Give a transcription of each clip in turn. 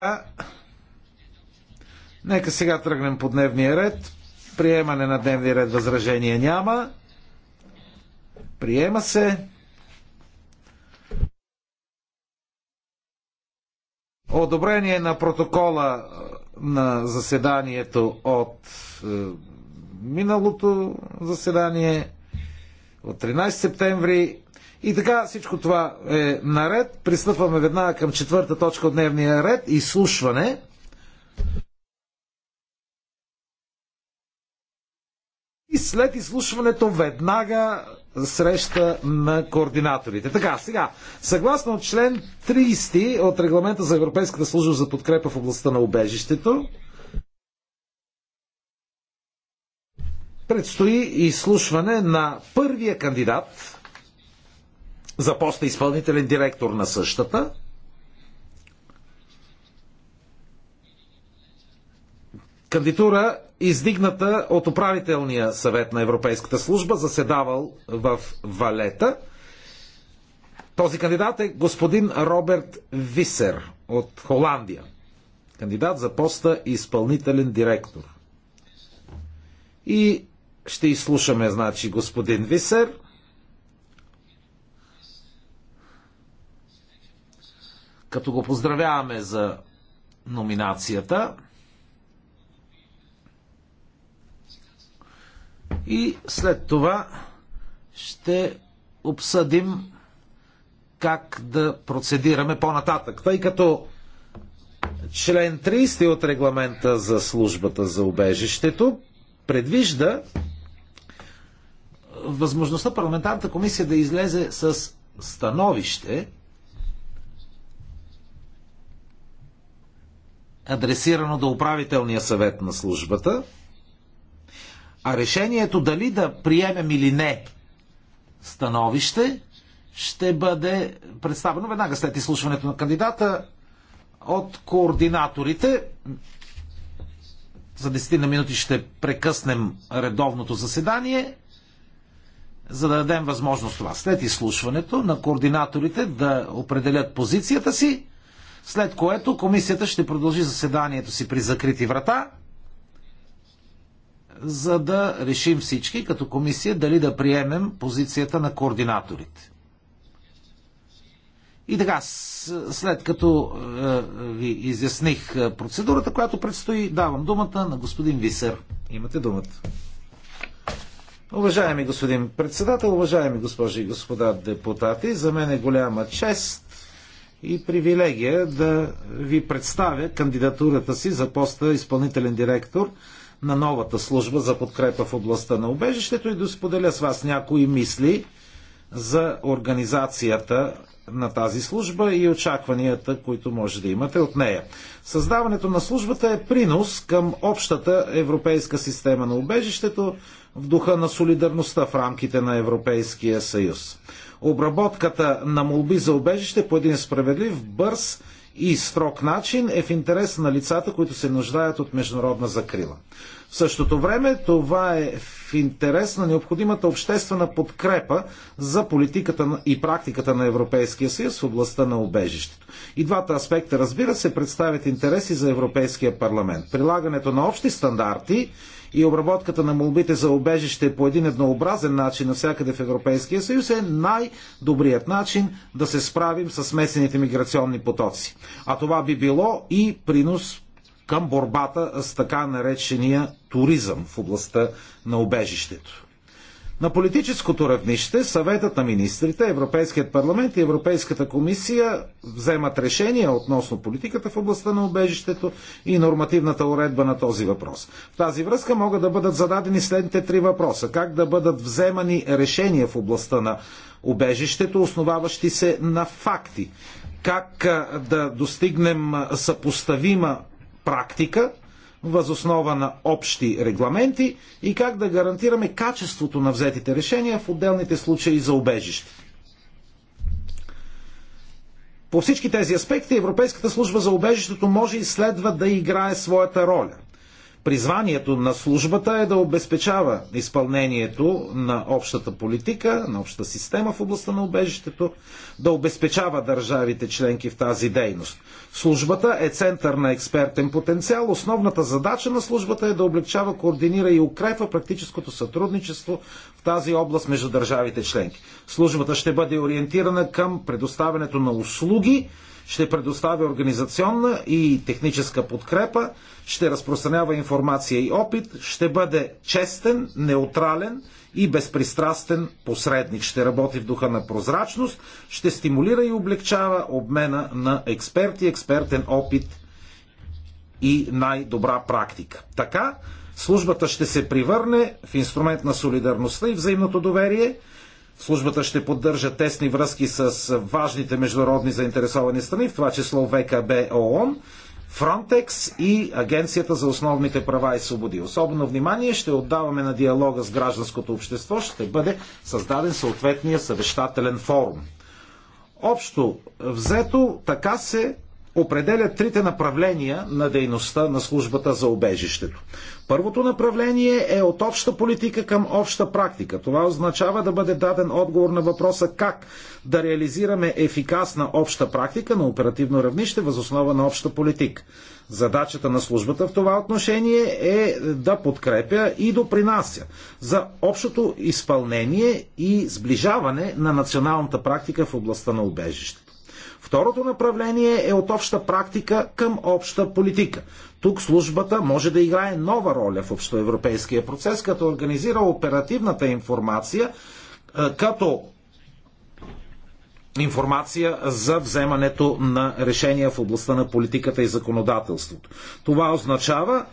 А, нека сега тръгнем по дневния ред. Приемане на дневния ред възражение няма. Приема се. Одобрение на протокола на заседанието от е, миналото заседание от 13 септември и така всичко това е наред. Пристъпваме веднага към четвърта точка от дневния ред изслушване. И след изслушването веднага среща на координаторите. Така, сега, съгласно член 30 от регламента за Европейската служба за подкрепа в областта на убежището, предстои изслушване на първия кандидат за поста изпълнителен директор на същата. Кандидатура издигната от управителния съвет на Европейската служба, заседавал в Валета. Този кандидат е господин Роберт Висер от Холандия. Кандидат за поста изпълнителен директор. И ще изслушаме, значи, господин Висер – Като го поздравяваме за номинацията и след това ще обсъдим как да процедираме по-нататък. Тъй като член 30 от регламента за службата за убежището предвижда възможността парламентарната комисия да излезе с становище адресирано до управителния съвет на службата, а решението дали да приемем или не становище ще бъде представено веднага след изслушването на кандидата от координаторите. За 10 на минути ще прекъснем редовното заседание, за да дадем възможност това. След изслушването на координаторите да определят позицията си след което комисията ще продължи заседанието си при закрити врата, за да решим всички като комисия дали да приемем позицията на координаторите. И така, след като е, е ви изясних е, процедурата, която предстои, давам думата на господин Висер. Имате думата. Уважаеми господин председател, уважаеми госпожи и господа депутати, за мен е голяма чест и привилегия да ви представя кандидатурата си за поста изпълнителен директор на новата служба за подкрепа в областта на убежището и да споделя с вас някои мисли за организацията на тази служба и очакванията, които може да имате от нея. Създаването на службата е принос към общата европейска система на убежището в духа на солидарността в рамките на Европейския съюз. Обработката на молби за убежище по един справедлив, бърз и строг начин е в интерес на лицата, които се нуждаят от международна закрила. В същото време това е в интерес на необходимата обществена подкрепа за политиката и практиката на Европейския съюз в областта на убежището. И двата аспекта, разбира се, представят интереси за Европейския парламент. Прилагането на общи стандарти и обработката на молбите за обежище по един еднообразен начин навсякъде в Европейския съюз е най-добрият начин да се справим с смесените миграционни потоци. А това би било и принос към борбата с така наречения туризъм в областта на обежището. На политическото равнище съветът на министрите, Европейският парламент и Европейската комисия вземат решения относно политиката в областта на убежището и нормативната уредба на този въпрос. В тази връзка могат да бъдат зададени следните три въпроса. Как да бъдат вземани решения в областта на убежището, основаващи се на факти? Как да достигнем съпоставима практика възоснова на общи регламенти и как да гарантираме качеството на взетите решения в отделните случаи за убежище. По всички тези аспекти Европейската служба за убежището може и следва да играе своята роля – Призванието на службата е да обезпечава изпълнението на общата политика, на общата система в областта на убежището, да обезпечава държавите членки в тази дейност. Службата е център на експертен потенциал. Основната задача на службата е да облегчава, координира и укрепва практическото сътрудничество в тази област между държавите членки. Службата ще бъде ориентирана към предоставянето на услуги, ще предоставя организационна и техническа подкрепа, ще разпространява информация и опит, ще бъде честен, неутрален и безпристрастен посредник. Ще работи в духа на прозрачност, ще стимулира и облегчава обмена на експерти, експертен опит и най-добра практика. Така, службата ще се привърне в инструмент на солидарността и взаимното доверие – Службата ще поддържа тесни връзки с важните международни заинтересовани страни, в това число ВКБ ООН, Фронтекс и Агенцията за основните права и свободи. Особено внимание ще отдаваме на диалога с гражданското общество, ще бъде създаден съответния съвещателен форум. Общо взето, така се определя трите направления на дейността на службата за обежището. Първото направление е от обща политика към обща практика. Това означава да бъде даден отговор на въпроса как да реализираме ефикасна обща практика на оперативно равнище възоснова на обща политика. Задачата на службата в това отношение е да подкрепя и допринася за общото изпълнение и сближаване на националната практика в областта на убежище. Второто направление е от обща практика към обща политика. Тук службата може да играе нова роля в общоевропейския процес, като организира оперативната информация, е, като информация за вземането на решения в областта на политиката и законодателството. Това означава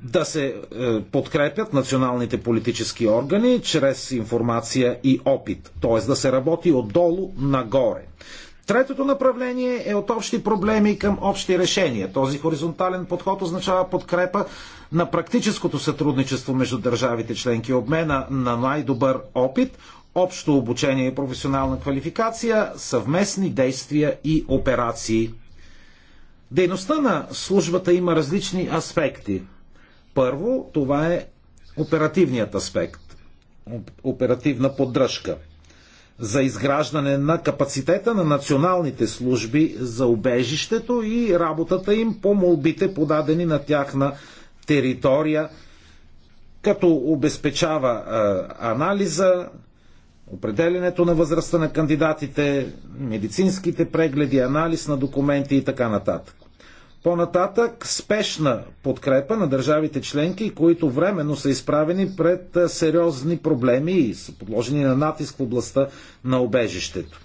да се е, подкрепят националните политически органи чрез информация и опит, т.е. да се работи отдолу нагоре. Третото направление е от общи проблеми към общи решения. Този хоризонтален подход означава подкрепа на практическото сътрудничество между държавите членки, обмена на най-добър опит, общо обучение и професионална квалификация, съвместни действия и операции. Дейността на службата има различни аспекти. Първо, това е оперативният аспект, оперативна поддръжка – за изграждане на капацитета на националните служби за убежището и работата им по молбите, подадени на тяхна територия, като обезпечава анализа, определенето на възрастта на кандидатите, медицинските прегледи, анализ на документи и така нататък. По-нататък спешна подкрепа на държавите членки, които временно са изправени пред сериозни проблеми и са подложени на натиск в областта на обежището.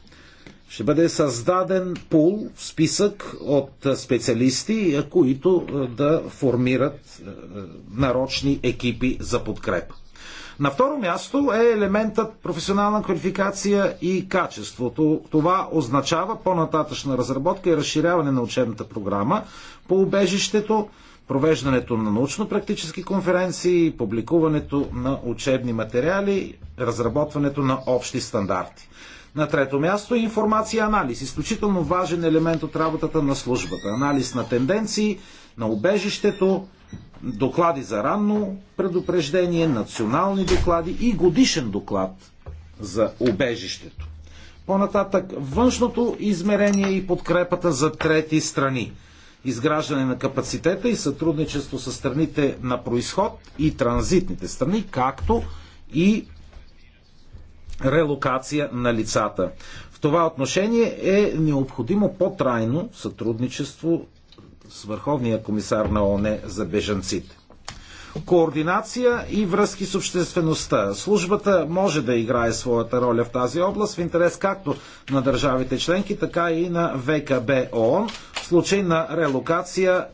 Ще бъде създаден пул, списък от специалисти, които да формират нарочни екипи за подкрепа. На второ място е елементът професионална квалификация и качеството. Това означава по-нататъчна разработка и разширяване на учебната програма по убежището, провеждането на научно-практически конференции, публикуването на учебни материали, разработването на общи стандарти. На трето място е информация и анализ. Изключително важен елемент от работата на службата. Анализ на тенденции, на убежището, доклади за ранно предупреждение, национални доклади и годишен доклад за убежището. По-нататък външното измерение и подкрепата за трети страни. Изграждане на капацитета и сътрудничество с страните на происход и транзитните страни, както и релокация на лицата. В това отношение е необходимо по-трайно сътрудничество с Върховния комисар на ОНЕ за бежанците. Координация и връзки с обществеността. Службата може да играе своята роля в тази област в интерес както на държавите членки, така и на ВКБ ООН в случай на релокация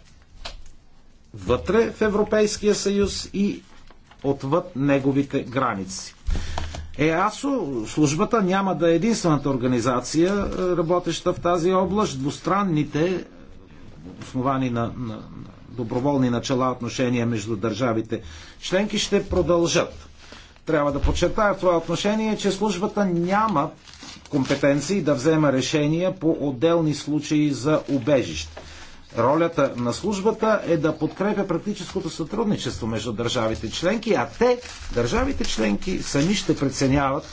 вътре в Европейския съюз и отвъд неговите граници. ЕАСО, службата няма да е единствената организация, работеща в тази област. Двустранните основани на, на, на доброволни начала отношения между държавите членки ще продължат. Трябва да подчертая в това отношение, че службата няма компетенции да взема решения по отделни случаи за убежище. Ролята на службата е да подкрепя практическото сътрудничество между държавите членки, а те, държавите членки, сами ще преценяват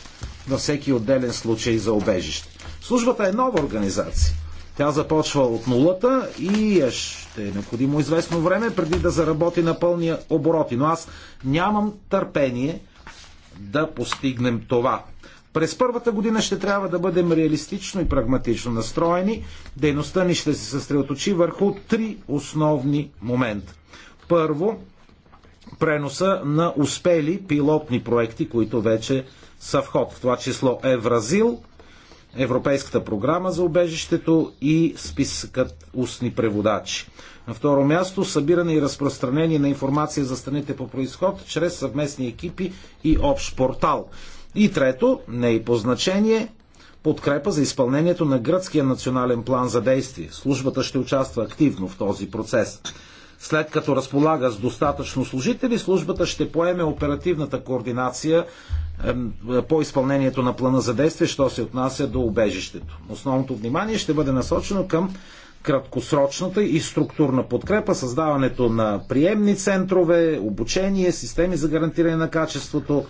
във всеки отделен случай за обежище. Службата е нова организация. Тя започва от нулата и е ще е необходимо известно време преди да заработи на пълния обороти. Но аз нямам търпение да постигнем това. През първата година ще трябва да бъдем реалистично и прагматично настроени. Дейността ни ще се съсредоточи върху три основни момента. Първо, преноса на успели пилотни проекти, които вече са в ход. В това число Евразил, Европейската програма за убежището и списъкът устни преводачи. На второ място събиране и разпространение на информация за страните по происход чрез съвместни екипи и общ портал. И трето, не и по значение, подкрепа за изпълнението на гръцкия национален план за действие. Службата ще участва активно в този процес. След като разполага с достатъчно служители, службата ще поеме оперативната координация по изпълнението на плана за действие, що се отнася до убежището. Основното внимание ще бъде насочено към краткосрочната и структурна подкрепа, създаването на приемни центрове, обучение, системи за гарантиране на качеството,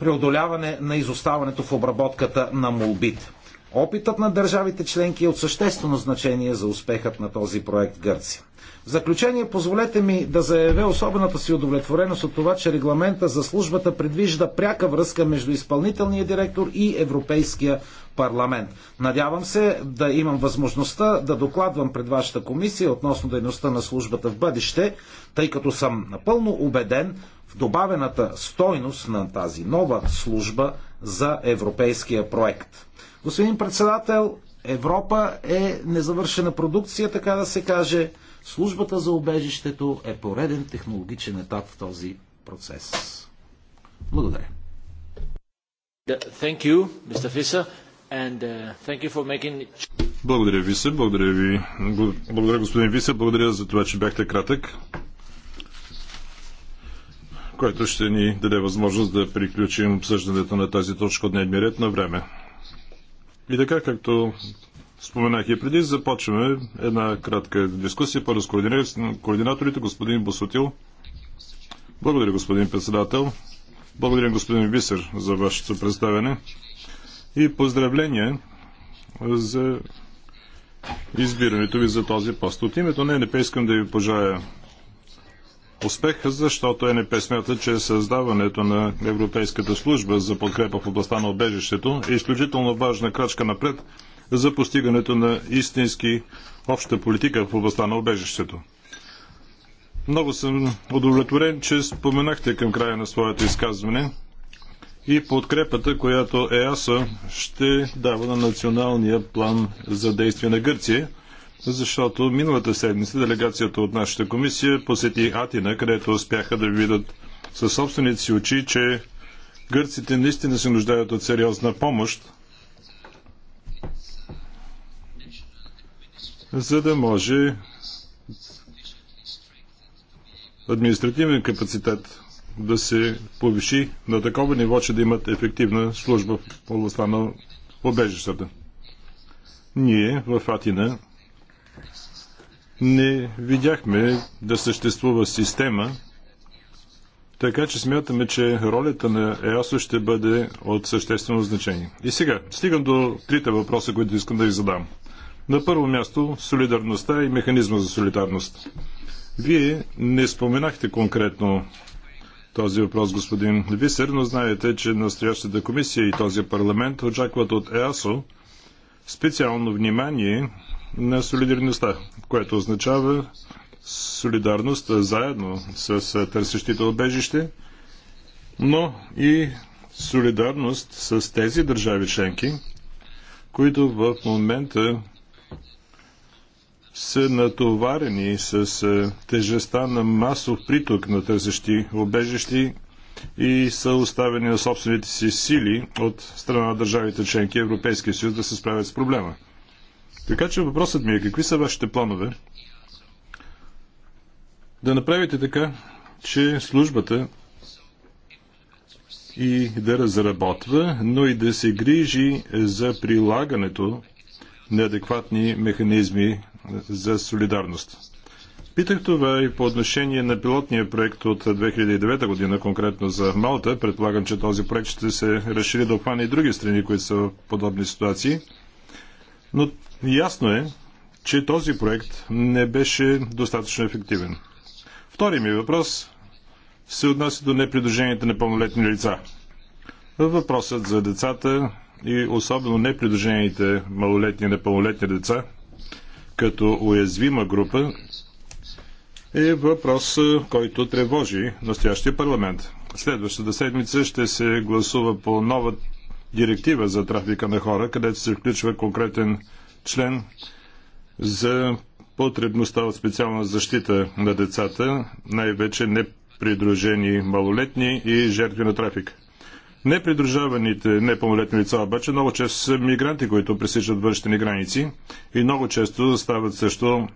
преодоляване на изоставането в обработката на молбите. Опитът на държавите членки е от съществено значение за успехът на този проект Гърция. В заключение, позволете ми да заявя особената си удовлетвореност от това, че регламента за службата предвижда пряка връзка между изпълнителния директор и Европейския парламент. Надявам се да имам възможността да докладвам пред вашата комисия относно дейността на службата в бъдеще, тъй като съм напълно убеден в добавената стойност на тази нова служба за европейския проект. Господин председател, Европа е незавършена продукция, така да се каже. Службата за обежището е пореден технологичен етап в този процес. Благодаря. Thank you, Mr. Fischer, and uh, thank you for making... Благодаря ви се, благодаря ви. Благодаря господин Висе, благодаря за това, че бяхте кратък, което ще ни даде възможност да приключим обсъждането на тази точка от дневния ред на време. И така, както Споменах и преди, започваме една кратка дискусия. Първо с координаторите, господин Босотил. Благодаря, господин председател. Благодаря, господин Висер, за вашето представяне. И поздравления за избирането ви за този пост. От името на НП искам да ви пожая успех, защото НП смята, че създаването на Европейската служба за подкрепа в областта на обежището е изключително важна крачка напред – за постигането на истински обща политика в областта на обежището. Много съм удовлетворен, че споменахте към края на своето изказване и подкрепата, която ЕАСА ще дава на националния план за действие на Гърция, защото миналата седмица делегацията от нашата комисия посети Атина, където успяха да видят със собствените си очи, че гърците наистина се нуждаят от сериозна помощ за да може административен капацитет да се повиши на такова ниво, че да имат ефективна служба в областта на обежищата. Ние в Атина не видяхме да съществува система, така че смятаме, че ролята на ЕАСО ще бъде от съществено значение. И сега, стигам до трите въпроса, които искам да ви задам. На първо място солидарността и механизма за солидарност. Вие не споменахте конкретно този въпрос, господин Висер, но знаете, че настоящата комисия и този парламент очакват от ЕАСО специално внимание на солидарността, което означава солидарност заедно с търсещите обежище, но и солидарност с тези държави членки, които в момента са натоварени с е, тежестта на масов приток на търсещи обежищи и са оставени на собствените си сили от страна на държавите членки Европейския съюз да се справят с проблема. Така че въпросът ми е какви са вашите планове да направите така, че службата и да разработва, но и да се грижи за прилагането на адекватни механизми за солидарност. Питах това и по отношение на пилотния проект от 2009 година, конкретно за Малта. Предполагам, че този проект ще се разшири да обхване и други страни, които са в подобни ситуации. Но ясно е, че този проект не беше достатъчно ефективен. Втори ми въпрос се отнася до непридружените непълнолетни лица. Въпросът за децата и особено непридружените малолетни и непълнолетни деца – като уязвима група е въпрос, който тревожи настоящия парламент. Следващата седмица ще се гласува по нова директива за трафика на хора, където се включва конкретен член за потребността от специална защита на децата, най-вече непридружени малолетни и жертви на трафик. Непридружаваните непълнолетни лица обаче много често са мигранти, които пресичат външни граници и много често стават също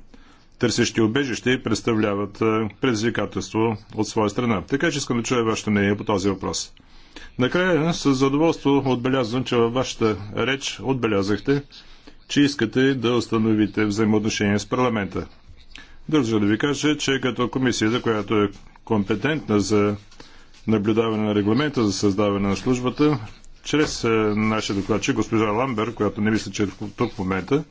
търсещи убежище и представляват предизвикателство от своя страна. Така че искам да чуя вашето мнение по този въпрос. Накрая с задоволство отбелязвам, че във вашата реч отбелязахте, че искате да установите взаимоотношения с парламента. Държа да ви кажа, че като комисията, която е компетентна за наблюдаване на регламента за създаване на службата, чрез е, нашия докладчик, госпожа Ламбер, която не мисля, че е тук в момента,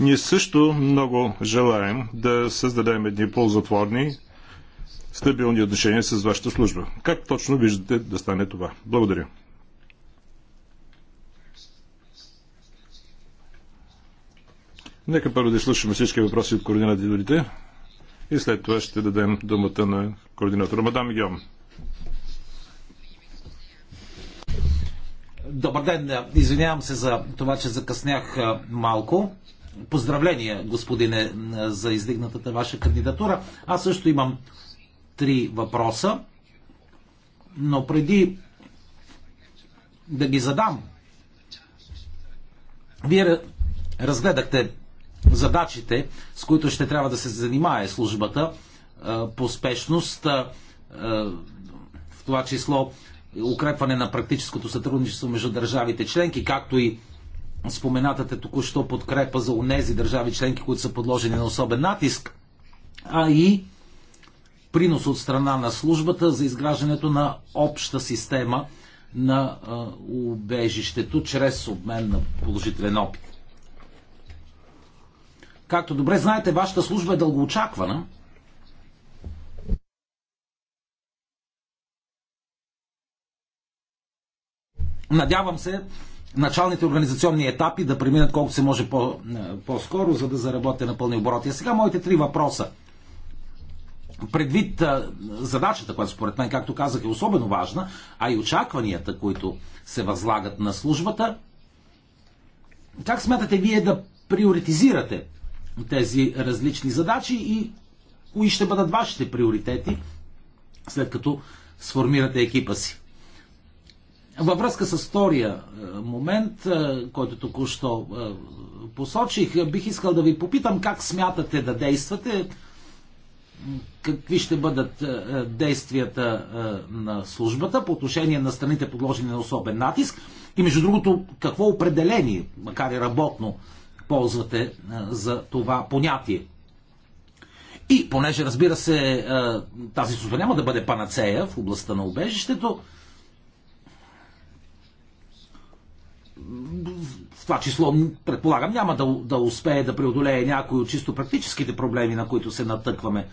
ние също много желаем да създадем едни ползотворни, стабилни отношения с вашата служба. Как точно виждате да стане това? Благодаря. Нека първо да изслушаме всички въпроси от координаторите и след това ще дадем думата на координатора. Мадам Геом. Добър ден, извинявам се за това, че закъснях малко. Поздравления, господине, за издигнатата ваша кандидатура. Аз също имам три въпроса, но преди да ги задам, вие разгледахте задачите, с които ще трябва да се занимае службата по спешност, в това число укрепване на практическото сътрудничество между държавите членки, както и споменатата току-що подкрепа за унези държави членки, които са подложени на особен натиск, а и принос от страна на службата за изграждането на обща система на убежището чрез обмен на положителен опит. Както добре знаете, вашата служба е дългоочаквана Надявам се началните организационни етапи да преминат колкото се може по, е, по-скоро, за да заработя на пълни обороти. А сега моите три въпроса. Предвид а, е, задачата, която според мен, както казах, е особено важна, а и очакванията, които се възлагат на службата, как смятате вие да приоритизирате тези различни задачи и кои ще бъдат вашите приоритети, след като сформирате екипа си? Във връзка с втория е, момент, е, който току-що е, посочих, бих искал да ви попитам как смятате да действате, какви ще бъдат действията на службата по отношение на страните подложени на особен натиск и между другото какво определение, макар и работно, ползвате за това понятие. И понеже разбира се тази служба няма да бъде панацея в областта на убежището, в това число, предполагам, няма да, да успее да преодолее някои от чисто практическите проблеми, на които се натъкваме.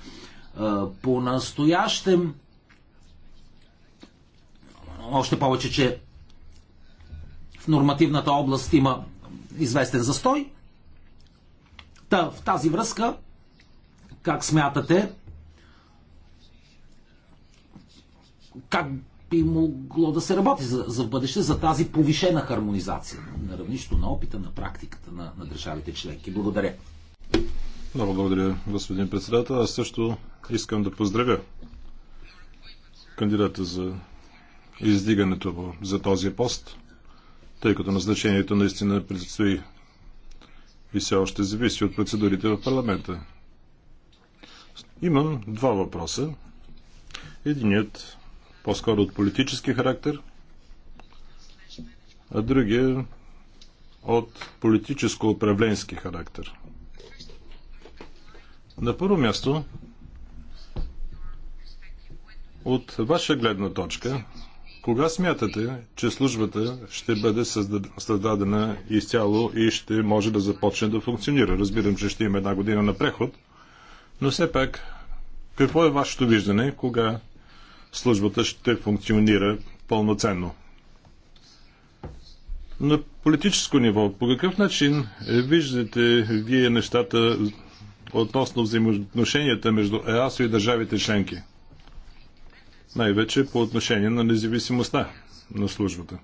По-настоящем, още повече, че в нормативната област има известен застой. Та, в тази връзка, как смятате, как би могло да се работи за, за бъдеще, за тази повишена хармонизация на равнището на опита, на практиката на, на държавите членки. Благодаря. Много благодаря, господин председател. Аз също искам да поздравя кандидата за издигането за този пост, тъй като назначението наистина предстои и все още зависи от процедурите в парламента. Имам два въпроса. Единият по-скоро от политически характер, а другия от политическо-управленски характер. На първо място, от ваша гледна точка, кога смятате, че службата ще бъде създадена изцяло и ще може да започне да функционира? Разбирам, че ще има една година на преход, но все пак, какво е вашето виждане, кога службата ще функционира пълноценно. На политическо ниво, по какъв начин е, виждате вие нещата относно взаимоотношенията между ЕАСО и държавите членки? Най-вече по отношение на независимостта на службата.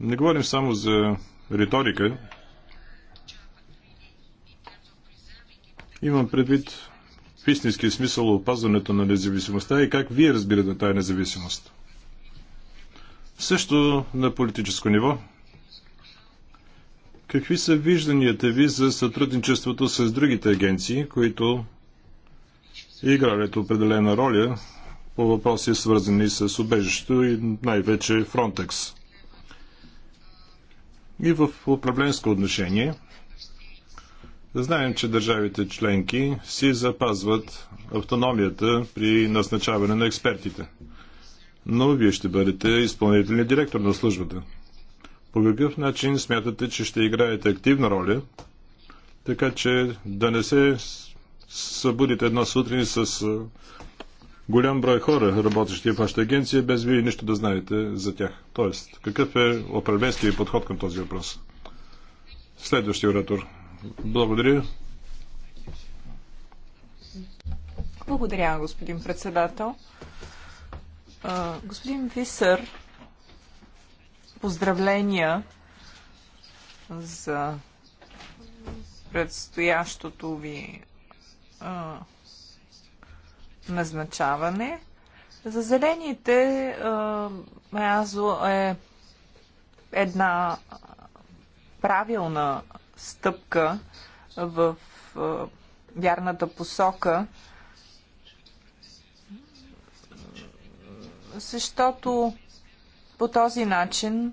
Не говорим само за риторика Имам предвид в истински смисъл опазването на независимостта и как вие разбирате тази независимост. Също на политическо ниво. Какви са вижданията ви за сътрудничеството с другите агенции, които играят определена роля по въпроси свързани с убежището и най-вече Фронтекс? И в управленско отношение – Знаем, че държавите членки си запазват автономията при назначаване на експертите. Но вие ще бъдете изпълнителният директор на службата. По какъв начин смятате, че ще играете активна роля, така че да не се събудите една сутрин с голям брой хора, работещи в вашата агенция, без вие нищо да знаете за тях. Тоест, какъв е управленският подход към този въпрос? Следващия оратор – благодаря. Благодаря, господин председател. Господин Висър, поздравления за предстоящото ви назначаване. За зелените а, е една правилна стъпка в вярната посока, защото по този начин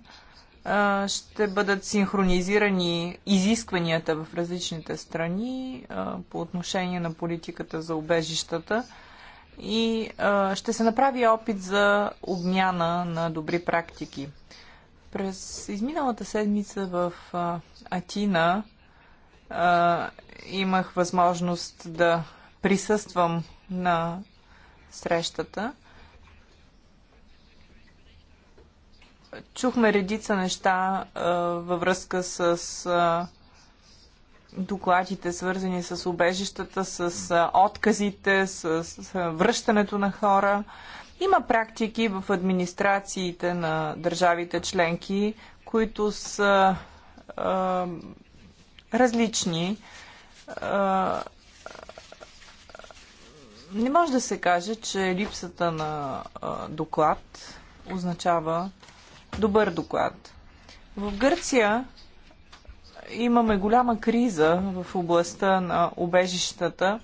ще бъдат синхронизирани изискванията в различните страни по отношение на политиката за убежищата и ще се направи опит за обмяна на добри практики. През изминалата седмица в Атина а, имах възможност да присъствам на срещата. Чухме редица неща а, във връзка с а, докладите, свързани с убежищата, с а, отказите, с, с а, връщането на хора. А, има практики в администрациите на държавите членки, които са а, различни. А, не може да се каже, че липсата на а, доклад означава добър доклад. В Гърция имаме голяма криза в областта на обежищата.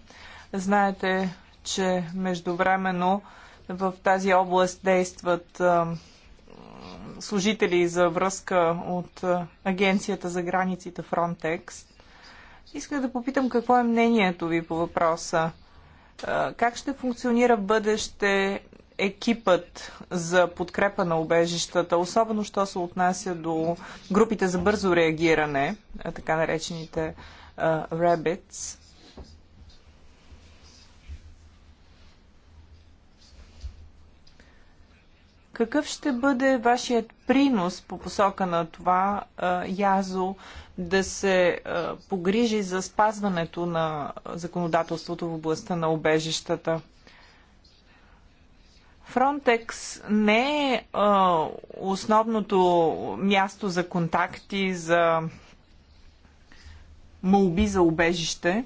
Знаете, че междувременно в тази област действат служители за връзка от Агенцията за границите Frontex. Исках да попитам какво е мнението ви по въпроса. Как ще функционира бъдеще екипът за подкрепа на обежищата, особено що се отнася до групите за бързо реагиране, така наречените uh, Rabbits? Какъв ще бъде вашият принос по посока на това Язо да се погрижи за спазването на законодателството в областта на обежищата? Фронтекс не е основното място за контакти, за молби за обежище,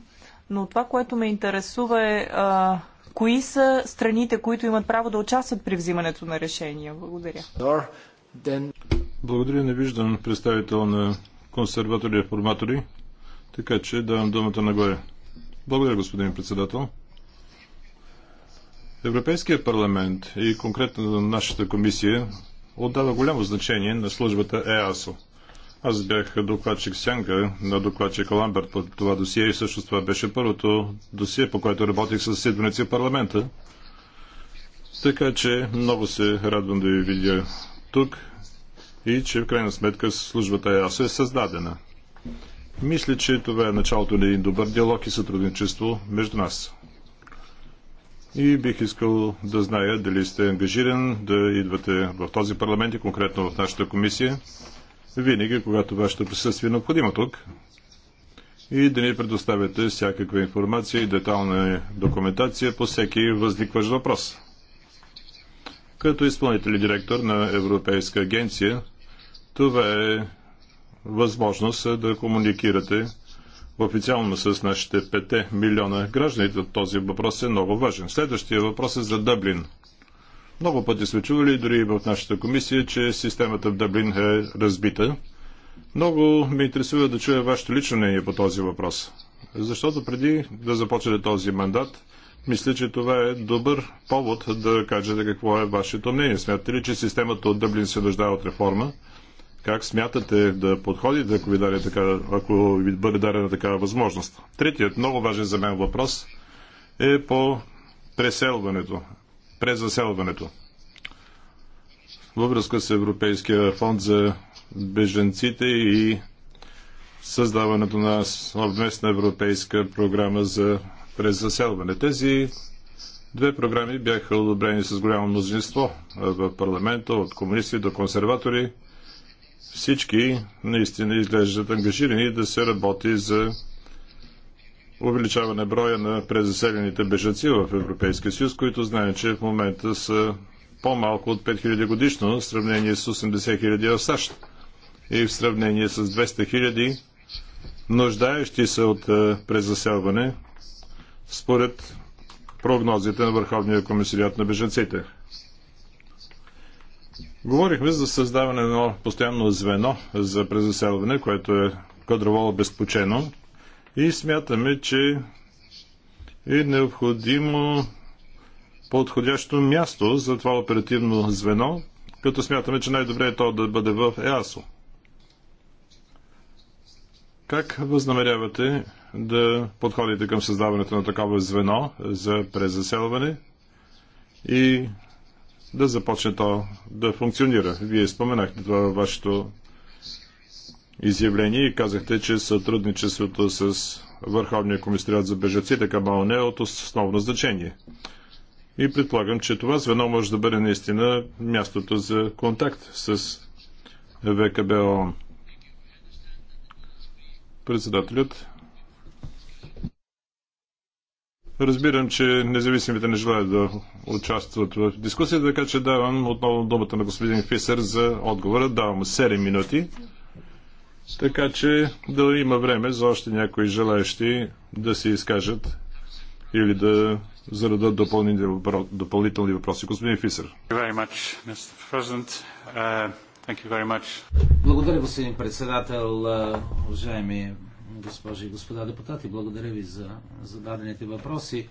но това, което ме интересува е а, кои са страните, които имат право да участват при взимането на решения? Благодаря. Благодаря, не виждам представител на консерватори и реформатори, така че давам думата на Гоя. Благодаря, господин председател. Европейският парламент и конкретно нашата комисия отдава голямо значение на службата ЕАСО. Аз бях докладчик Сянка на докладчик Ламберт по това досие и също това беше първото досие, по което работих с седмици в парламента. Така че много се радвам да ви видя тук и че в крайна сметка службата ЕАСО е създадена. Мисля, че това е началото на един добър диалог и сътрудничество между нас. И бих искал да зная дали сте ангажиран да идвате в този парламент и конкретно в нашата комисия, винаги, когато вашето присъствие е необходимо тук и да ни предоставяте всякаква информация и детална документация по всеки възникващ въпрос. Като изпълнител и директор на Европейска агенция, това е възможност да комуникирате официално с нашите 5 милиона граждани. Този въпрос е много важен. Следващия въпрос е за Дъблин. Много пъти сме чували, дори и в нашата комисия, че системата в Дъблин е разбита. Много ме интересува да чуя вашето лично мнение по този въпрос. Защото преди да започне този мандат, мисля, че това е добър повод да кажете какво е вашето мнение. Смятате ли, че системата от Дъблин се нуждае от реформа? Как смятате да подходите, ако ви, така, ако ви бъде дадена такава възможност? Третият много важен за мен въпрос е по преселването през заселването. Във връзка с Европейския фонд за беженците и създаването на съвместна европейска програма за презаселване. Тези две програми бяха одобрени с голямо мнозинство в парламента, от комунисти до консерватори. Всички наистина изглеждат ангажирани да се работи за увеличаване броя на презаселените бежаци в Европейския съюз, които знаем, че в момента са по-малко от 5000 годишно в сравнение с 80 000 в САЩ и в сравнение с 200 000 нуждаещи се от е, презаселване според прогнозите на Върховния комисариат на бежанците. Говорихме за създаване на постоянно звено за презаселване, което е кадрово обезпочено и смятаме, че е необходимо подходящо място за това оперативно звено, като смятаме, че най-добре е то да бъде в ЕАСО. Как възнамерявате да подходите към създаването на такова звено за презаселване и да започне то да функционира? Вие споменахте това във вашето изявление и казахте, че сътрудничеството с Върховния комисариат за бежаци така мало не е от основно значение. И предполагам, че това звено може да бъде наистина мястото за контакт с ВКБ ООН. Председателят. Разбирам, че независимите не желаят да участват в дискусията, така че давам отново думата на господин Фисер за отговора. Давам 7 минути. Така че да има време за още някои желаящи да се изкажат или да зададат допълнителни, въпро... допълнителни въпроси. Господин Фисер. Uh, Благодаря, господин председател, uh, уважаеми госпожи и господа депутати. Благодаря ви за зададените въпроси.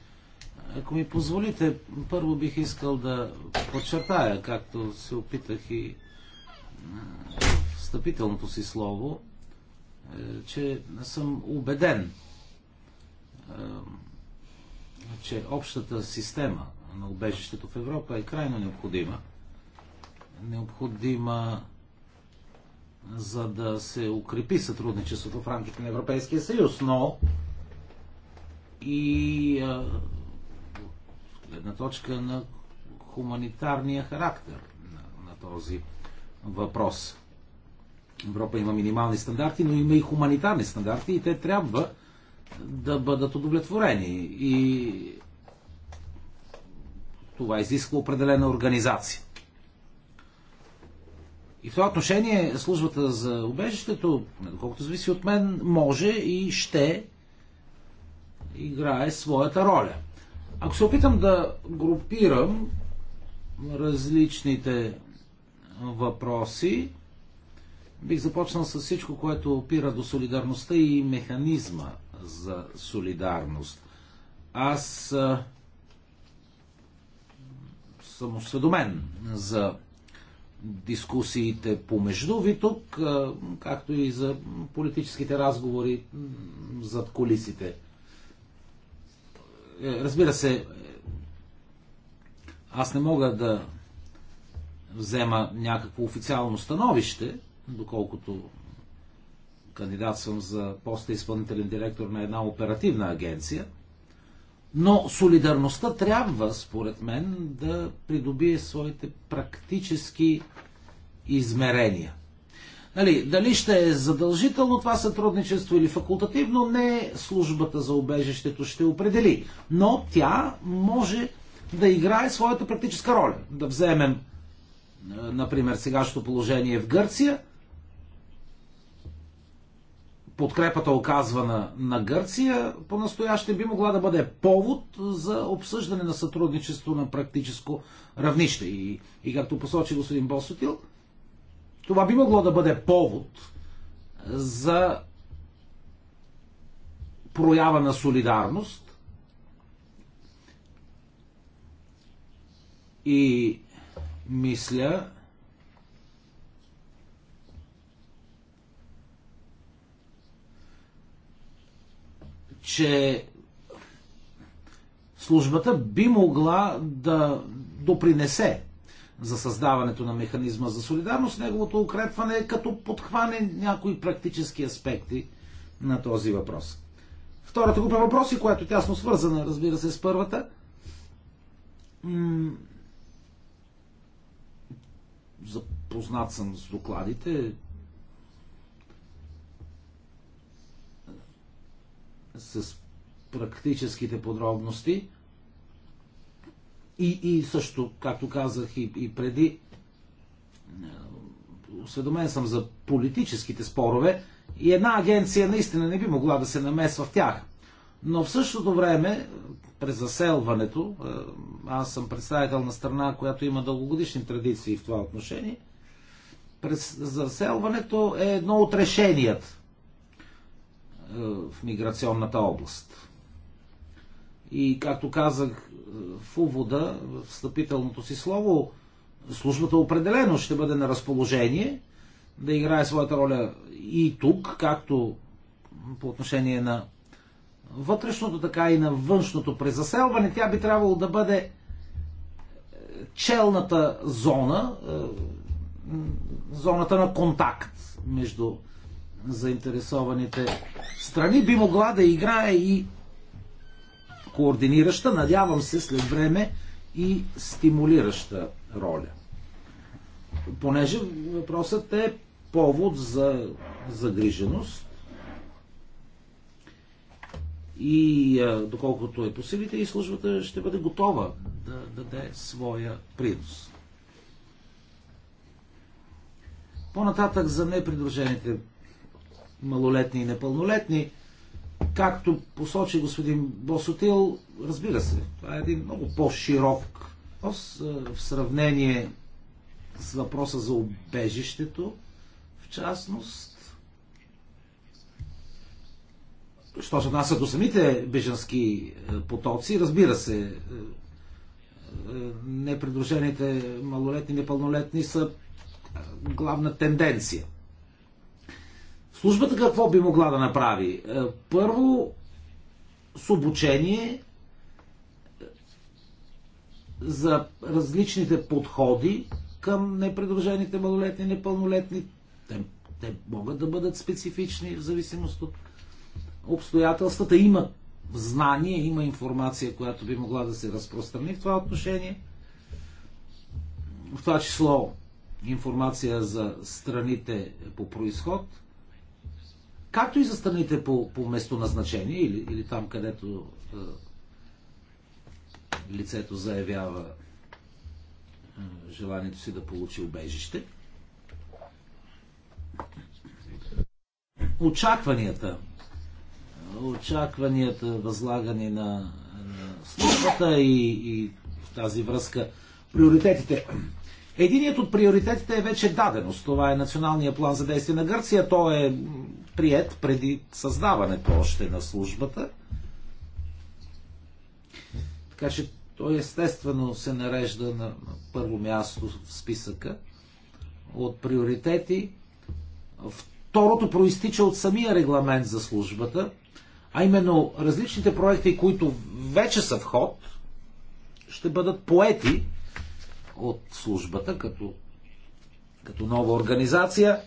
Ако ми позволите, първо бих искал да подчертая, както се опитах и встъпителното си слово, е, че съм убеден, е, че общата система на убежището в Европа е крайно необходима. Необходима за да се укрепи сътрудничеството в рамките на Европейския съюз, но и една гледна точка на хуманитарния характер на, на този въпрос. Европа има минимални стандарти, но има и хуманитарни стандарти и те трябва да бъдат удовлетворени. И това изисква определена организация. И в това отношение службата за убежището, доколкото зависи от мен, може и ще играе своята роля. Ако се опитам да групирам различните въпроси, Бих започнал с всичко, което опира до солидарността и механизма за солидарност. Аз а, съм осведомен за дискусиите помежду ви тук, а, както и за политическите разговори зад колисите. Е, разбира се, аз не мога да взема някакво официално становище доколкото кандидат съм за поста изпълнителен директор на една оперативна агенция, но солидарността трябва, според мен, да придобие своите практически измерения. Нали, дали ще е задължително това сътрудничество или факултативно, не е службата за обежището ще определи. Но тя може да играе своята практическа роля. Да вземем, е, например, сегашното положение в Гърция – подкрепата оказвана на Гърция, по-настояще би могла да бъде повод за обсъждане на сътрудничество на практическо равнище. И, и както посочи господин Босотил, това би могло да бъде повод за проява на солидарност и мисля, че службата би могла да допринесе за създаването на механизма за солидарност, неговото укрепване, е като подхване някои практически аспекти на този въпрос. Втората група въпроси, която е тясно свързана, разбира се, с първата, запознат съм с докладите, с практическите подробности. И, и също, както казах и, и преди, е, осведомен съм за политическите спорове и една агенция наистина не би могла да се намесва в тях. Но в същото време, през заселването, е, аз съм представител на страна, която има дългогодишни традиции в това отношение, през заселването е едно от решенията е, в миграционната област. И както казах е, в увода, в встъпителното си слово, службата определено ще бъде на разположение да играе своята роля и тук, както по отношение на вътрешното, така и на външното презаселване. Тя би трябвало да бъде е, челната зона, зоната на контакт между заинтересованите страни, би могла да играе и координираща, надявам се след време, и стимулираща роля. Понеже въпросът е повод за загриженост и доколкото е по силите и службата ще бъде готова да даде своя принос. По-нататък за непридружените малолетни и непълнолетни. Както посочи господин Босотил, разбира се, това е един много по-широк в сравнение с въпроса за обежището, в частност. Що се отнася до самите бежански потоци, разбира се, непредружените малолетни, и непълнолетни са главна тенденция. Службата какво би могла да направи? Е, първо, с обучение е, за различните подходи към непредружените малолетни, непълнолетни. Те, те могат да бъдат специфични в зависимост от обстоятелствата. Има знание, има информация, която би могла да се разпространи в това отношение. В това число информация за страните по происход – както и за страните по, по местоназначение или, или там, където е, лицето заявява е, желанието си да получи убежище. Очакванията, очакванията възлагани на, на службата и, и в тази връзка приоритетите Единият от приоритетите е вече даденост. Това е националния план за действие на Гърция. Той е прият преди създаването още на службата. Така че той естествено се нарежда на първо място в списъка от приоритети. Второто проистича от самия регламент за службата, а именно различните проекти, които вече са в ход, ще бъдат поети от службата като, като нова организация.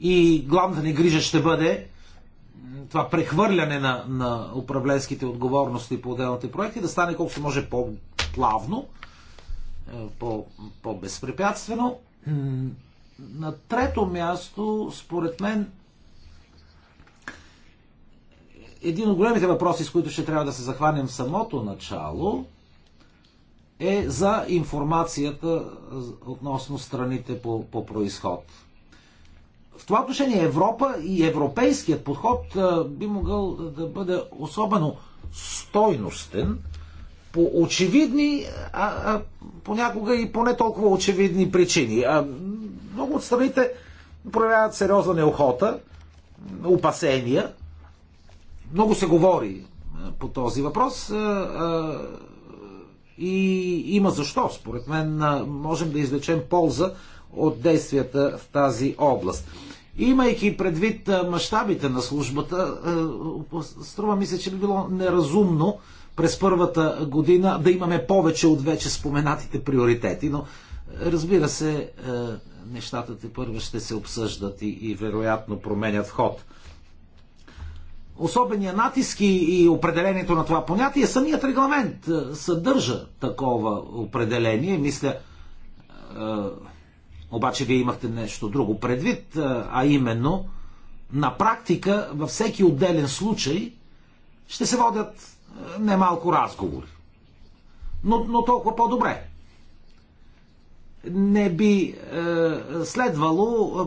И главната ни грижа ще бъде това прехвърляне на, на управленските отговорности по отделните проекти да стане колкото може по-плавно, е, по, по-безпрепятствено. На трето място, според мен, един от големите въпроси, с които ще трябва да се захванем в самото начало, е за информацията относно страните по, по происход. В това отношение Европа и европейският подход би могъл да бъде особено стойностен по очевидни, а, а понякога и по не толкова очевидни причини. А, много от страните проявяват сериозна неохота, опасения. Много се говори по този въпрос. А, а, и има защо. Според мен можем да извлечем полза от действията в тази област. Имайки предвид мащабите на службата, струва ми се, че би било неразумно през първата година да имаме повече от вече споменатите приоритети, но разбира се, нещата те първо ще се обсъждат и, и вероятно променят ход особения натиск и, и определението на това понятие. Самият регламент е, съдържа такова определение. Мисля, е, обаче вие имахте нещо друго предвид, е, а именно на практика във всеки отделен случай ще се водят е, немалко разговори. Но, но толкова по-добре. Не би е, следвало е,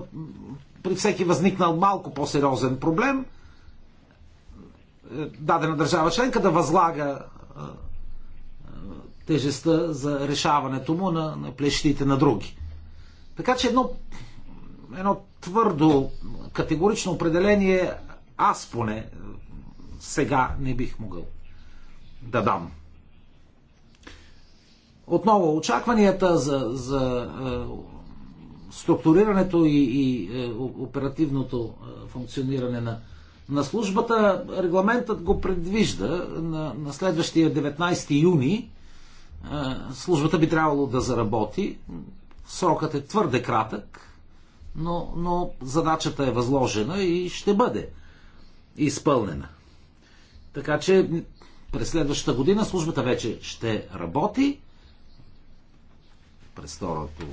при всеки възникнал малко по-сериозен проблем – дадена държава членка да възлага тежестта за решаването му на, на плещите на други. Така че едно, едно твърдо, категорично определение аз поне сега не бих могъл да дам. Отново, очакванията за, за структурирането и, и е, оперативното функциониране на на службата, регламентът го предвижда на, на следващия 19 юни. Е, службата би трябвало да заработи. Срокът е твърде кратък, но, но задачата е възложена и ще бъде изпълнена. Така че през следващата година службата вече ще работи през второто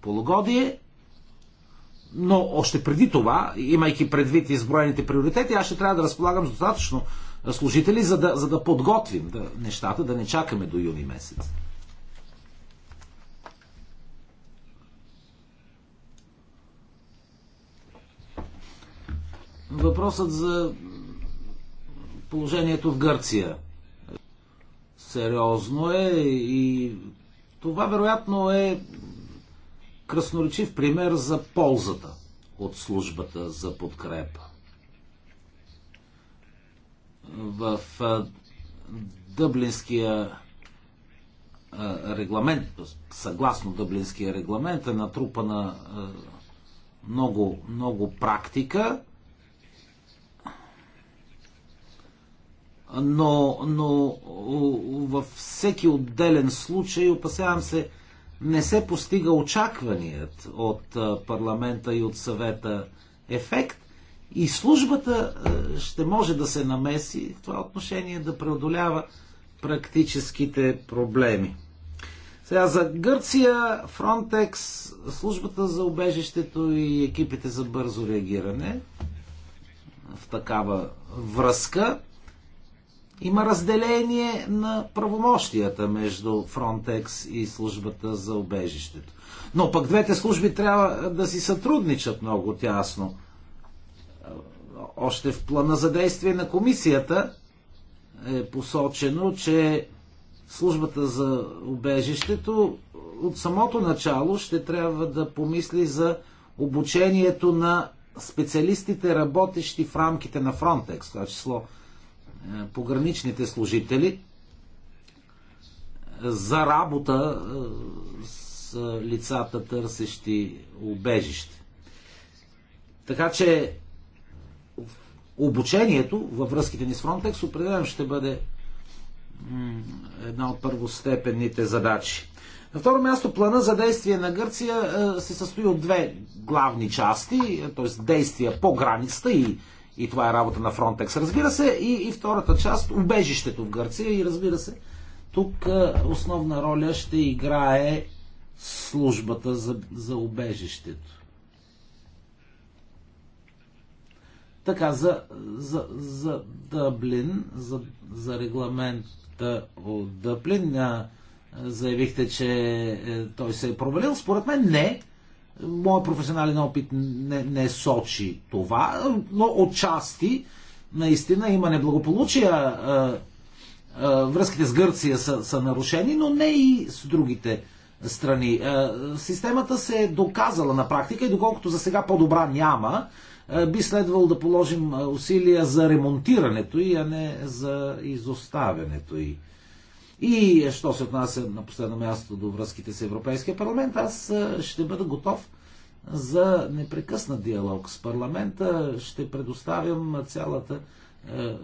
полугодие но още преди това, имайки предвид изброените приоритети, аз ще трябва да разполагам с достатъчно служители, за да, за да подготвим да, нещата, да не чакаме до юни месец. Въпросът за положението в Гърция. Сериозно е и това вероятно е красноречив пример за ползата от службата за подкрепа. В Дъблинския регламент, съгласно Дъблинския регламент, е натрупана много, много практика, но, но във всеки отделен случай, опасявам се, не се постига очакваният от парламента и от съвета ефект и службата ще може да се намеси в това отношение да преодолява практическите проблеми. Сега за Гърция, Фронтекс, службата за обежището и екипите за бързо реагиране в такава връзка има разделение на правомощията между Фронтекс и службата за обежището. Но пък двете служби трябва да си сътрудничат много тясно. Още в плана за действие на комисията е посочено, че службата за обежището от самото начало ще трябва да помисли за обучението на специалистите, работещи в рамките на Фронтекс, това число е, пограничните служители е, за работа е, с лицата търсещи убежище. Така че обучението във връзките ни с фронтекс определено ще бъде една от първостепенните задачи. На второ място, плана за действие на Гърция се състои от две главни части, т.е. действия по границата и и това е работа на Фронтекс. Разбира се, и, и втората част, убежището в Гърция. И разбира се, тук е, основна роля ще играе службата за, за убежището. Така, за, за, за Дъблин, за, за регламента от Дъблин, заявихте, че е, той се е провалил. Според мен не моят професионален опит не, не сочи това, но отчасти наистина има неблагополучия. Връзките с Гърция са, са нарушени, но не и с другите страни. Системата се е доказала на практика и доколкото за сега по-добра няма, би следвало да положим усилия за ремонтирането и а не за изоставянето и. И що се отнася на последно място до връзките с Европейския парламент, аз ще бъда готов за непрекъснат диалог с парламента. Ще предоставям цялата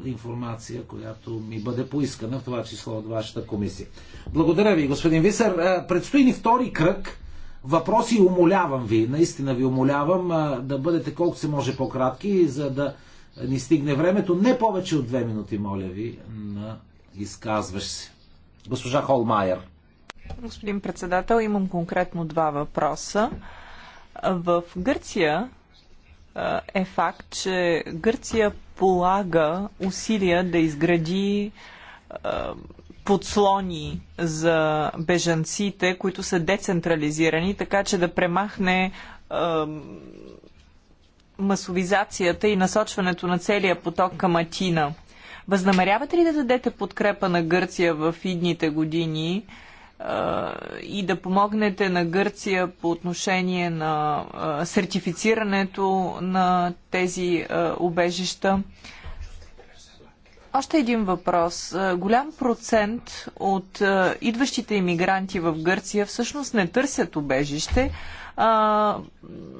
информация, която ми бъде поискана, в това число от вашата комисия. Благодаря ви, господин Висър. Предстои ни втори кръг въпроси умолявам ви, наистина ви умолявам да бъдете колкото се може по-кратки, за да ни стигне времето. Не повече от две минути, моля ви, на изказващ се. Госпожа Холмайер. Господин председател, имам конкретно два въпроса. В Гърция е факт, че Гърция полага усилия да изгради подслони за бежанците, които са децентрализирани, така че да премахне масовизацията и насочването на целия поток към Атина. Възнамерявате ли да дадете подкрепа на Гърция в идните години а, и да помогнете на Гърция по отношение на а, сертифицирането на тези а, убежища? Още един въпрос. Голям процент от идващите иммигранти в Гърция всъщност не търсят убежище,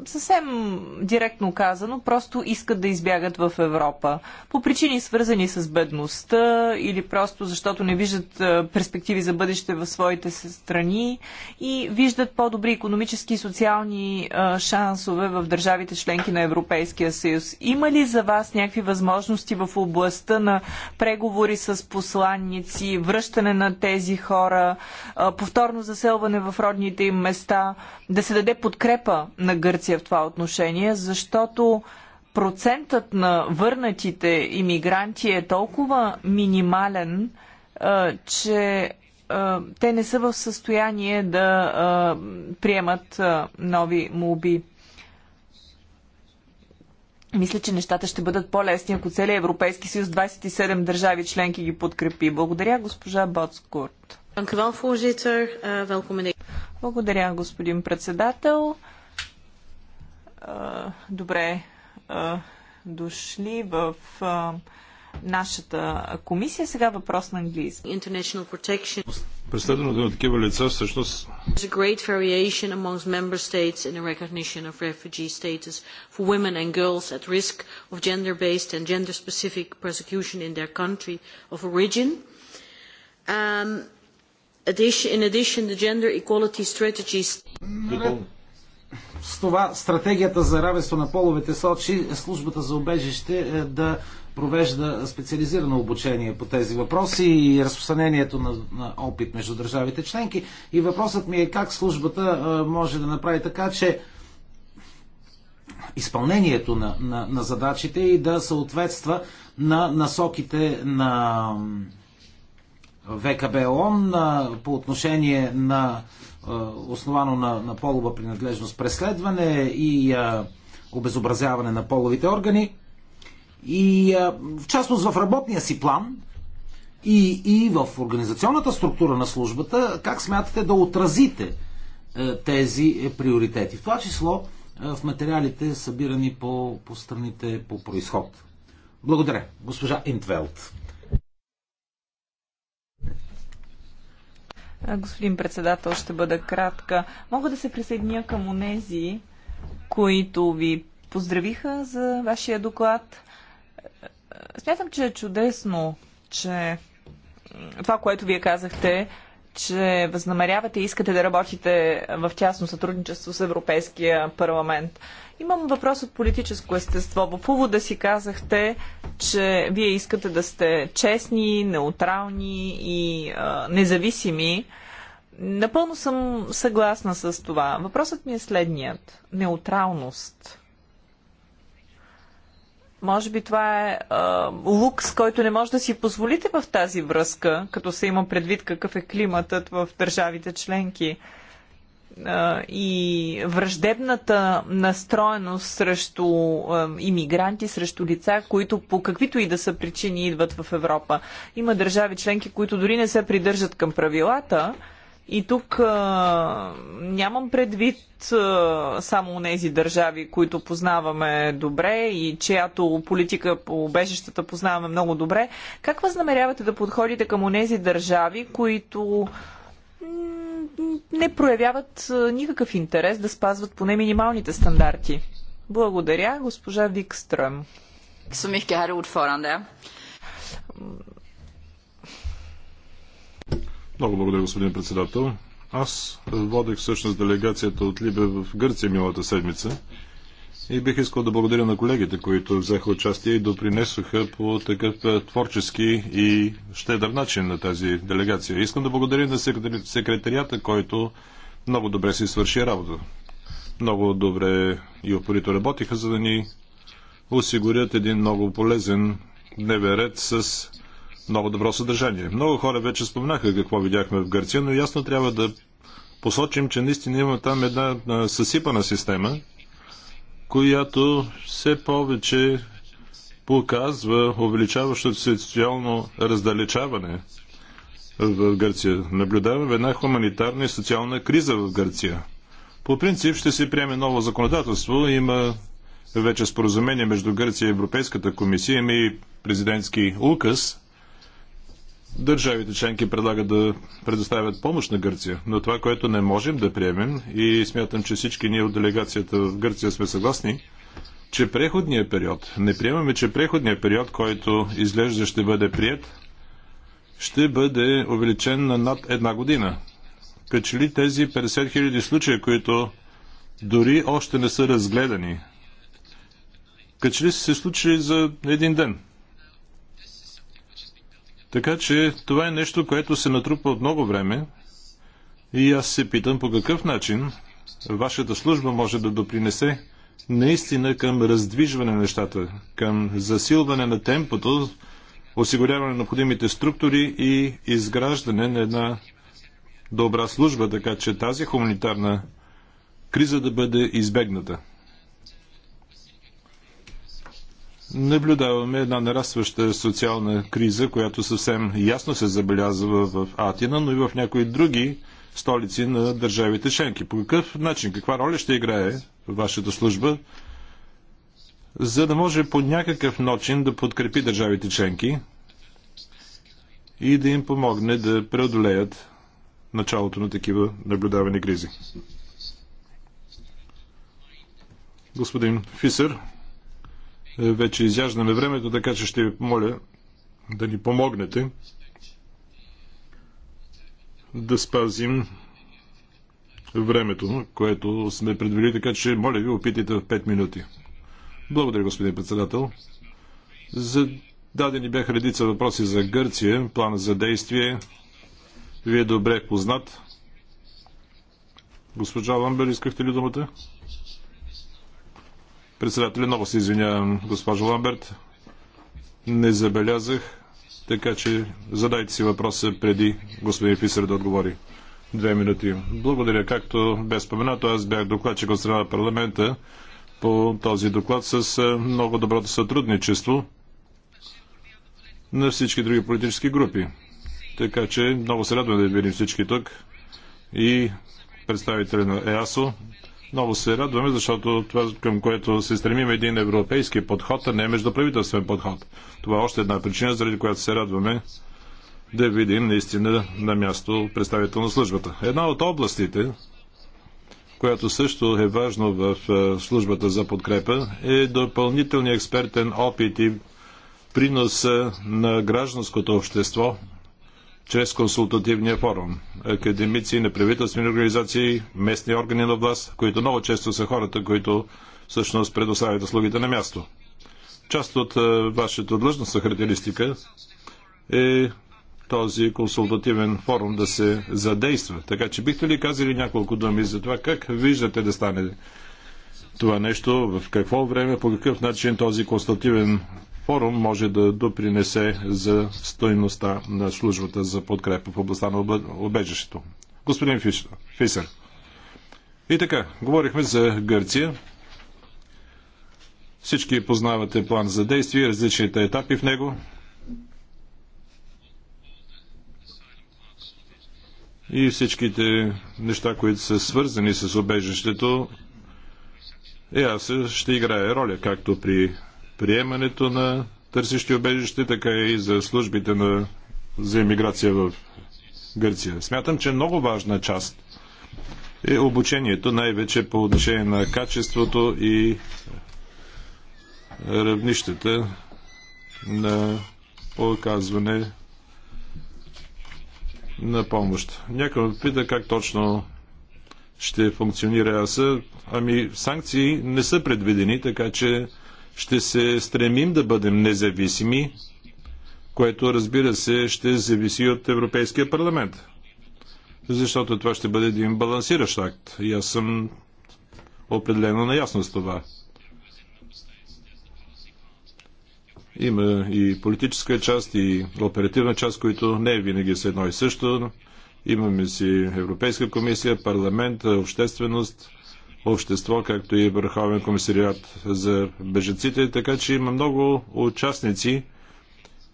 съвсем директно казано, просто искат да избягат в Европа. По причини свързани с бедността или просто защото не виждат перспективи за бъдеще в своите страни и виждат по-добри економически и социални шансове в държавите членки на Европейския съюз. Има ли за вас някакви възможности в областта на преговори с посланници, връщане на тези хора, повторно заселване в родните им места, да се даде подкрепа на Гърция в това отношение, защото процентът на върнатите иммигранти е толкова минимален, че те не са в състояние да приемат нови молби. Мисля, че нещата ще бъдат по-лесни, ако целият Европейски съюз 27 държави членки ги подкрепи. Благодаря, госпожа Боцкурт. Благодаря, господин председател. Добре дошли в нашата комисия. Сега въпрос на английски. International protection. Преследването на такива лица всъщност There's a great variation amongst member states in the recognition of refugee status for women and girls at risk of gender-based and gender-specific persecution in their country of origin. Um, in addition, the gender equality strategies... С това стратегията за равенство на половете сочи службата за обежище е, да провежда специализирано обучение по тези въпроси и разпространението на, на опит между държавите членки. И въпросът ми е как службата е, може да направи така, че изпълнението на, на, на задачите и да съответства на насоките на ВКБ ООН по отношение на основано на, на полова принадлежност преследване и а, обезобразяване на половите органи. И а, в частност в работния си план и, и в организационната структура на службата, как смятате да отразите а, е, тези приоритети? В това число а, е, в материалите събирани по, по страните по происход. Благодаря, госпожа Интвелт. Господин председател, ще бъда кратка. Мога да се присъединя към онези, които ви поздравиха за вашия доклад. Смятам, че е чудесно, че това, което вие казахте, че възнамерявате и искате да работите в тясно сътрудничество с Европейския парламент. Имам въпрос от политическо естество. В увода си казахте, че вие искате да сте честни, неутрални и а, независими. Напълно съм съгласна с това. Въпросът ми е следният. Неутралност. Може би това е а, лукс, който не може да си позволите в тази връзка, като се има предвид какъв е климатът в държавите членки а, и враждебната настроеност срещу а, иммигранти, срещу лица, които по каквито и да са причини идват в Европа. Има държави членки, които дори не се придържат към правилата, и тук а, нямам предвид а, само тези държави, които познаваме добре и чиято политика по обежищата познаваме много добре. Как възнамерявате да подходите към тези държави, които не проявяват никакъв интерес да спазват поне минималните стандарти? Благодаря, госпожа Викстрем. Сумихке, herr да. Много благодаря, господин председател. Аз водех всъщност делегацията от Либе в Гърция миналата седмица и бих искал да благодаря на колегите, които взеха участие и допринесоха по такъв творчески и щедър начин на тази делегация. Искам да благодаря на секретарията, който много добре си свърши работа. Много добре и опорито работиха, за да ни осигурят един много полезен дневен ред с много добро съдържание. Много хора вече споменаха какво видяхме в Гърция, но ясно трябва да посочим, че наистина има там една съсипана система, която все повече показва увеличаващото се социално раздалечаване в Гърция. Наблюдаваме една хуманитарна и социална криза в Гърция. По принцип ще се приеме ново законодателство. Има вече споразумение между Гърция и Европейската комисия. Има и президентски указ, Държавите членки предлагат да предоставят помощ на Гърция, но това, което не можем да приемем и смятам, че всички ние от делегацията в Гърция сме съгласни, че преходният период, не приемаме, че преходният период, който изглежда ще бъде прият, ще бъде увеличен на над една година. Качели тези 50 000 случая, които дори още не са разгледани, качели са се случили за един ден. Така че това е нещо, което се натрупа от много време и аз се питам по какъв начин вашата служба може да допринесе наистина към раздвижване на нещата, към засилване на темпото, осигуряване на необходимите структури и изграждане на една добра служба, така че тази хуманитарна криза да бъде избегната. наблюдаваме една нарастваща социална криза, която съвсем ясно се забелязва в Атина, но и в някои други столици на държавите членки. По какъв начин, каква роля ще играе вашата служба, за да може по някакъв начин да подкрепи държавите членки и да им помогне да преодолеят началото на такива наблюдавани кризи? Господин Фисер, вече изяждаме времето, така че ще ви помоля да ни помогнете да спазим времето, което сме предвели, така че моля ви, опитайте в 5 минути. Благодаря, господин председател. За дадени бяха редица въпроси за Гърция, плана за действие. Вие добре познат. Госпожа Ламбер, искахте ли думата? Председателя, много се извинявам, госпожо Ламберт. Не забелязах, така че задайте си въпроса преди господин Фисър да отговори. Две минути. Благодаря. Както бе споменато, аз бях докладчик от страна на парламента по този доклад с много доброто сътрудничество на всички други политически групи. Така че много се радваме да видим всички тук и представители на ЕАСО, много се радваме, защото това, към което се стремим е един европейски подход, а не междуправителствен подход. Това е още една причина, заради която се радваме да видим наистина на място представител на службата. Една от областите, която също е важно в е, службата за подкрепа, е допълнителният експертен опит и приноса на гражданското общество чрез консултативния форум. Академици, неправителствени организации, местни органи на власт, които много често са хората, които всъщност предоставят услугите на място. Част от е, вашата длъжностна характеристика е този консултативен форум да се задейства. Така че бихте ли казали няколко думи за това как виждате да стане това нещо, в какво време, по какъв начин този консултативен форум може да допринесе за стойността на службата за подкрепа в областта на обежището. Господин Фисер. И така, говорихме за Гърция. Всички познавате план за действие, различните етапи в него. И всичките неща, които са свързани с обежището, е аз ще играе роля, както при приемането на търсещи обежище, така и за службите на, за иммиграция в Гърция. Смятам, че много важна част е обучението, най-вече по отношение на качеството и равнищата на оказване на помощ. Някой ме пита как точно ще функционира АСА. Ами санкции не са предвидени, така че ще се стремим да бъдем независими, което разбира се ще зависи от Европейския парламент. Защото това ще бъде един балансиращ акт. И аз съм определено наясно с това. Има и политическа част, и оперативна част, които не е винаги с едно и също. Имаме си Европейска комисия, парламент, общественост, общество, както и Върховен комисариат за бежеците, така че има много участници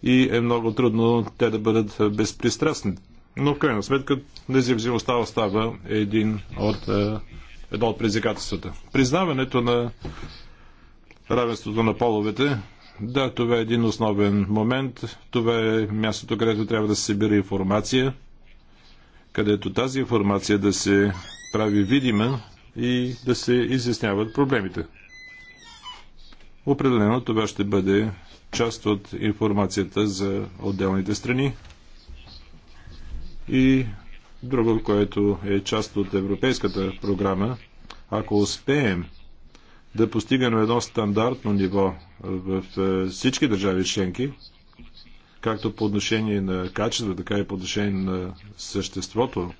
и е много трудно те да бъдат безпристрастни. Но в крайна сметка независимостта остава един от, е, едно от предизвикателствата. Признаването на равенството на половете, да, това е един основен момент. Това е мястото, където трябва да се събира информация, където тази информация да се прави видима и да се изясняват проблемите. Определено това ще бъде част от информацията за отделните страни. И друго, което е част от европейската програма, ако успеем да постигаме едно стандартно ниво в е, всички държави членки, както по отношение на качество, така и по отношение на съществото,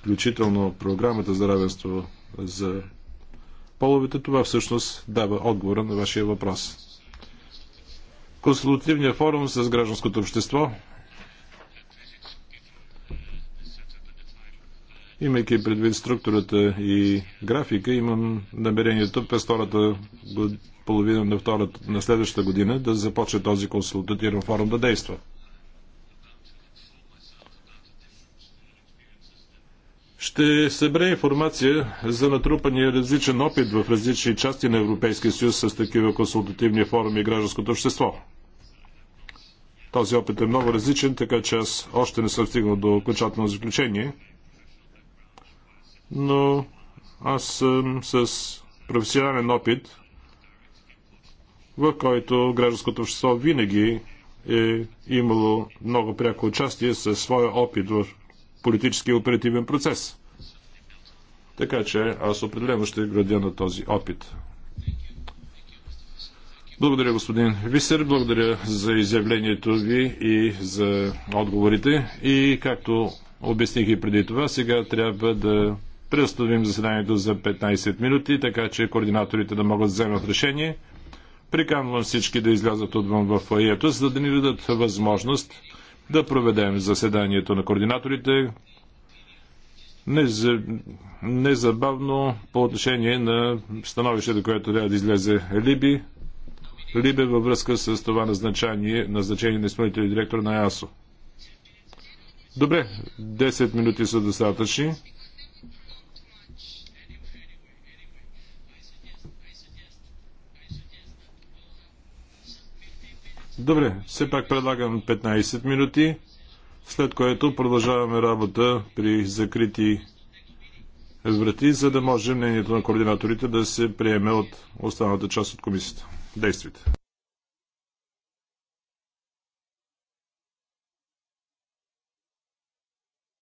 включително програмата за равенство за половете, това всъщност дава отговора на вашия въпрос. Консултативният форум с гражданското общество Имайки предвид структурата и графика, имам намерението през втората половина на, втората, на следващата година да започне този консултативен форум да действа. ще събере информация за натрупания различен опит в различни части на Европейския съюз с такива консултативни форуми и гражданското общество. Този опит е много различен, така че аз още не съм стигнал до окончателно заключение. Но аз съм с професионален опит, в който гражданското общество винаги е имало много пряко участие със своя опит в политическия оперативен процес. Така че аз определено ще градя на този опит. Благодаря, господин Висер. Благодаря за изявлението ви и за отговорите. И както обясних и преди това, сега трябва да преустановим заседанието за 15 минути, така че координаторите да могат да вземат решение. Приканвам всички да излязат отвън в фаието, за да ни дадат възможност да проведем заседанието на координаторите незабавно по отношение на становището, което трябва да излезе Либи, Либе във връзка с това назначение, назначение на изпълнителен директор на ЯСО. Добре, 10 минути са достатъчни. Добре, все пак предлагам 15 минути, след което продължаваме работа при закрити врати, за да може мнението на координаторите да се приеме от останалата част от комисията. Действите.